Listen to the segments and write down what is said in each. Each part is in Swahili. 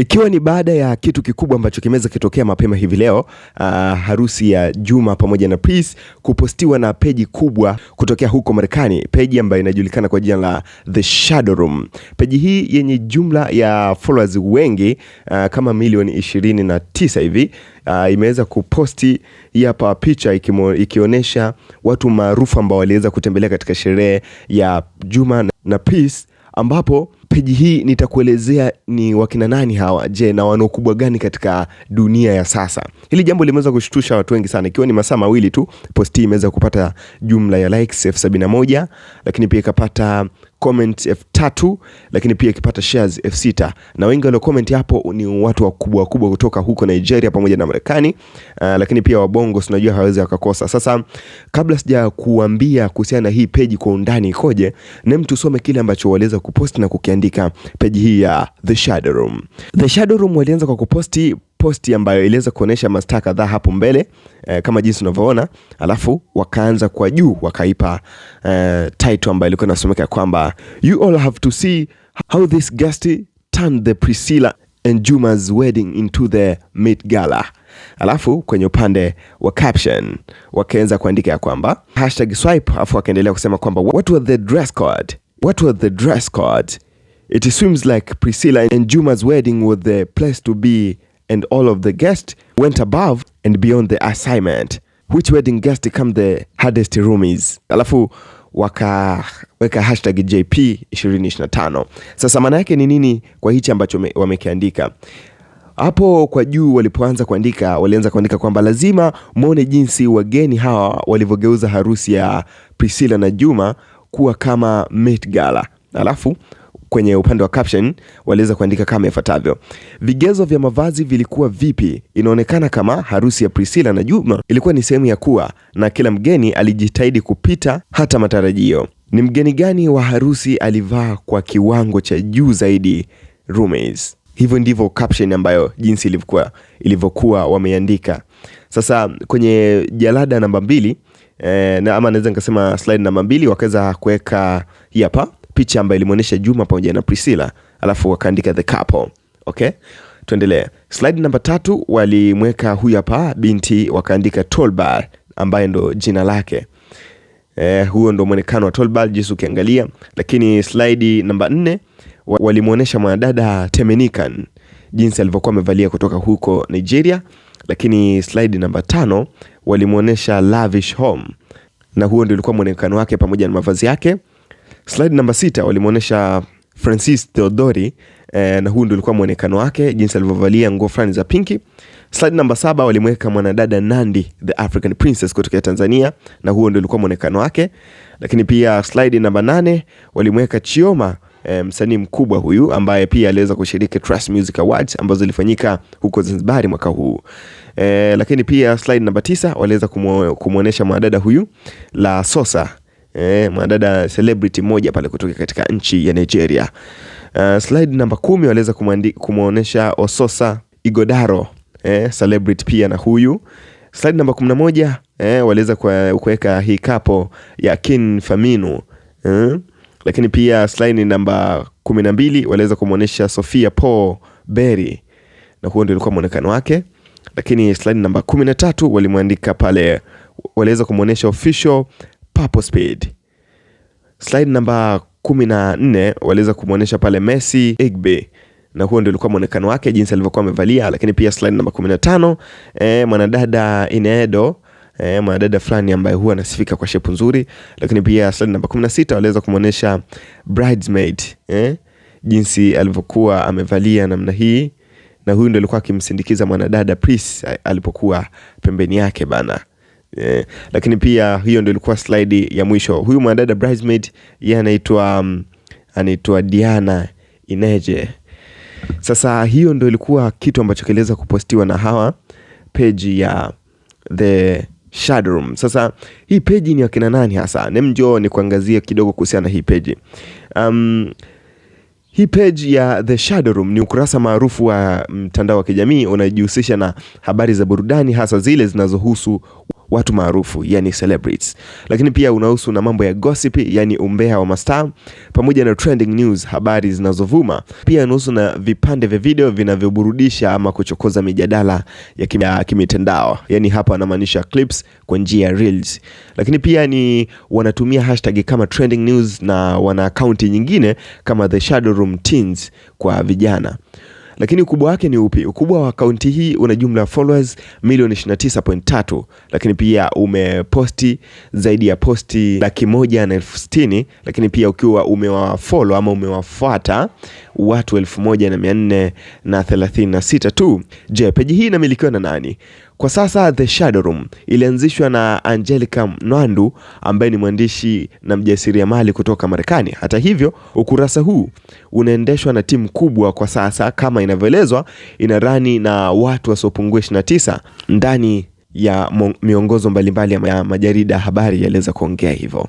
Ikiwa ni baada ya kitu kikubwa ambacho kimeweza kitokea mapema hivi leo, uh, harusi ya Juma pamoja na Peace kupostiwa na peji kubwa kutokea huko Marekani, peji ambayo inajulikana kwa jina la The Shadow Room. Peji hii yenye jumla ya followers wengi uh, kama milioni 29 hivi uh, imeweza kuposti hapa picha ikionyesha watu maarufu ambao waliweza kutembelea katika sherehe ya Juma na Peace ambapo peji hii nitakuelezea ni wakina nani hawa, je, na wana ukubwa gani katika dunia ya sasa. Hili jambo limeweza kushtusha watu wengi sana, ikiwa ni masaa mawili tu post imeweza kupata jumla ya likes elfu sabini na moja lakini pia ikapata comments elfu tatu lakini pia ikipata shares elfu sita na wengi walio comment hapo ni watu wakubwa wakubwa kutoka huko Nigeria pamoja na Marekani. Uh, lakini pia wabongo tunajua hawezi akakosa. Sasa kabla sija kuambia kuhusiana na hii peji kwa undani ikoje, na mtu usome kile ambacho waliweza kuposti na kukiandika peji hii ya The Shadow Room. The Shadow Room walianza kwa kuposti posti ambayo iliweza kuonesha mastaa kadhaa hapo mbele eh, kama jinsi unavyoona, alafu wakaanza kwa juu wakaipa eh, title ambayo ilikuwa inasomeka kwamba you all have to see how this guest turned the Priscilla and Juma's wedding into the Met Gala. Alafu kwenye upande wa caption wakaanza kuandika ya kwamba hashtag swipe, alafu wakaendelea kusema kwamba what was the dress code, what was the dress code, it seems like Priscilla and Juma's wedding was the place to be and all of the guests went above and beyond the assignment. Which wedding guest become the hardest roomies? Alafu wakaweka hashtag JP 2025. Sasa maana yake ni nini kwa hichi ambacho wamekiandika hapo kwa juu? Walipoanza kuandika, walianza kuandika kwamba lazima mwone jinsi wageni hawa walivyogeuza harusi ya Priscilla na Juma kuwa kama Met Gala, alafu kwenye upande wa caption waliweza kuandika kama ifuatavyo: vigezo vya mavazi vilikuwa vipi? Inaonekana kama harusi ya Priscilla na Juma ilikuwa ni sehemu ya kuwa na kila mgeni alijitahidi kupita hata matarajio. Ni mgeni gani wa harusi alivaa kwa kiwango cha juu zaidi? Roommates. Hivyo ndivyo caption ambayo jinsi ilivyokuwa ilivyokuwa wameandika. Sasa kwenye jalada namba mbili eh, na ama naweza nikasema slide namba mbili wakaweza kuweka hii hapa picha ambayo ilimuonesha Juma pamoja na Priscilla, alafu wakaandika the couple. Okay, tuendelee. Slide namba tatu walimweka huyu hapa binti, wakaandika Tolbar ambaye ndo jina lake. Eh, huo ndo mwonekano wa Tolbar jinsi ukiangalia, lakini slide namba nne walimuonesha mwanadada Temenikan jinsi alivyokuwa amevalia kutoka huko Nigeria, lakini slide namba tano walimuonesha lavish home, na huo ndio ulikuwa mwonekano wake pamoja na mavazi yake. Slide namba sita walimwonyesha Francis Theodori eh, na huu ndio ulikuwa mwonekano wake jinsi alivyovalia nguo fulani za pinki. Slide namba saba walimweka mwanadada Nandi the African Princess kutoka Tanzania na huo ndio ulikuwa mwonekano wake, lakini pia slide namba nane walimweka Chioma E, msanii mkubwa huyu ambaye pia aliweza kushiriki Trust Music Awards ambazo zilifanyika huko Zanzibar mwaka huu E, lakini pia slide namba tisa waliweza kumwonyesha mwanadada huyu La Sosa eh, mwanadada celebrity moja pale kutoka katika nchi ya Nigeria. Uh, slide namba kumi waliweza kumwonyesha Ososa Igodaro eh, celebrity pia na huyu. Slide namba moja eh, waliweza kuweka hii kapo ya Kin Faminu eh, lakini pia slide namba 12 waliweza kumwonyesha Sofia Paul Berry na huo ndio ilikuwa mwonekano wake, lakini slide namba 13 walimwandika pale, waliweza kumwonyesha official Papo Speed. Slide namba 14 waliweza kumuonesha pale Messi Igbe na huo ndio ulikuwa mwonekano wake jinsi alivyokuwa amevalia, lakini pia slide namba 15 eh, mwanadada Inedo eh, mwanadada fulani ambaye huwa anasifika kwa shepu nzuri, lakini pia slide namba 16 waliweza kumuonesha bridesmaid eh, jinsi alivyokuwa amevalia namna hii, na huyu ndio alikuwa akimsindikiza mwanadada Pris eh, alipokuwa pembeni yake bana eh, lakini pia hiyo ndio ilikuwa slide ya mwisho. Huyu mwanadada bridesmaid yeye anaitwa um, anaitwa Diana Ineje. Sasa hiyo ndio ilikuwa kitu ambacho kiliweza kupostiwa na hawa page ya the Shadroom. Sasa hii page ni wakina nani hasa? Nem njo ni kuangazia kidogo kuhusiana na hii page. um, hii page ya The Shadowroom ni ukurasa maarufu wa mtandao wa kijamii unajihusisha na habari za burudani hasa zile zinazohusu watu maarufu yani celebrities, lakini pia unahusu na mambo ya gossip yani umbea wa mastaa pamoja na trending news, habari zinazovuma. Pia unahusu na vipande vya video vinavyoburudisha ama kuchokoza mijadala ya kimitandao, yani hapa anamaanisha clips kwa njia ya reels. Lakini pia ni wanatumia hashtag kama trending news na wana akaunti nyingine kama the shadow room teens kwa vijana. Lakini ukubwa wake ni upi? Ukubwa wa akaunti hii una jumla followers milioni 29.3, lakini pia umeposti zaidi ya posti laki moja na elfu sitini lakini pia ukiwa umewafollow ama umewafuata watu elfu moja na mia nne na thelathini na sita tu. Je, peji hii inamilikiwa na nani? Kwa sasa The Shadow Room ilianzishwa na Angelica Nwandu ambaye ni mwandishi na mjasiriamali kutoka Marekani. Hata hivyo, ukurasa huu unaendeshwa na timu kubwa kwa sasa, kama inavyoelezwa, ina rani na watu wasiopungua 29 ndani ya miongozo mbalimbali mbali ya majarida habari yaliweza kuongea hivyo.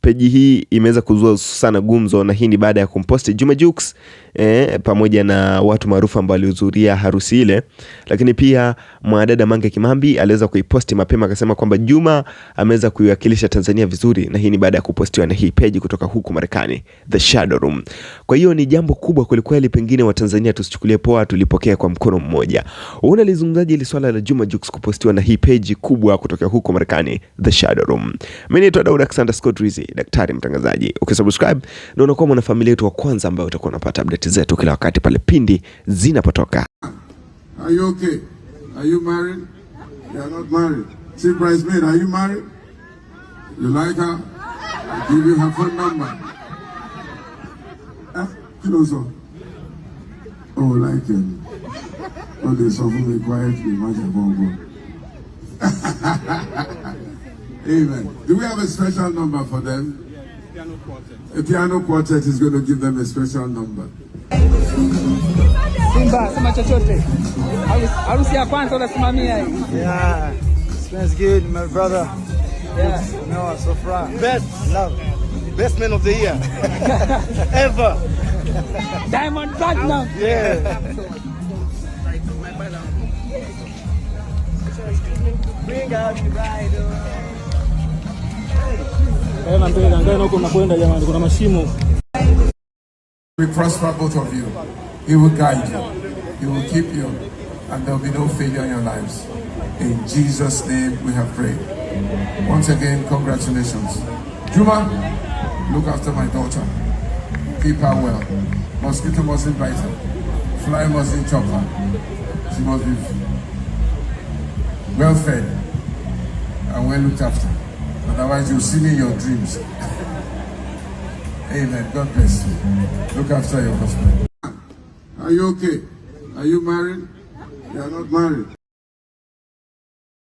Peji hii imeweza kuzua sana gumzo, na hii ni baada ya kumposti Juma Jukes eh, pamoja na watu maarufu ambao walihudhuria harusi ile. Lakini pia mwanadada Mange Kimambi aliweza kuiposti mapema akasema kwamba Juma ameweza kuiwakilisha Tanzania vizuri, na hii ni baada ya kupostiwa na hii page kutoka huku Marekani, The Shadow Room. Kwa hiyo ni jambo kubwa kweli, pengine Watanzania tusichukulie poa, tulipokea kwa mkono mmoja. Unalizungumzaje ile swala la Juma Jux kupostiwa na hii page kubwa kutoka huku Marekani, The Shadow Room? Mimi ni Dr. Alexander Scott Rizzi, daktari mtangazaji. Ukisubscribe na unakuwa mwanafamilia wetu wa kwanza ambayo utakuwa unapata update update zetu kila wakati pale pindi zinapotoka. Are you okay? Are you married? You are not married. See are you married? You like her? I give you her phone number. Ah, oh, like him. Oh, Amen. Do we have a special number for them? Yes, piano quartet. A piano quartet is going to give them a special number. Simba, sema chochote. Harusi ya kwanza unasimamia hii. Yeah. It's good, my brother. Yeah. No, so far. Best love. Best man of the year. Ever. Diamond Platinum. Yeah. Bring out your bride. Mbele, mbele, angalia huko mnakwenda jamani, kuna mashimo. We prosper both of you. He will guide you. He will keep you. And there will be no failure in your lives. In Jesus' name we have prayed. Once again, congratulations. Juma, look after my daughter. Keep her well. Mosquito mustn't bite her. Fly mustn't chop her. She must be well fed and well looked after. Otherwise, you'll see me in your dreams. Amen. God bless you. Look after your husband. Are you okay? Are you married? You are not married.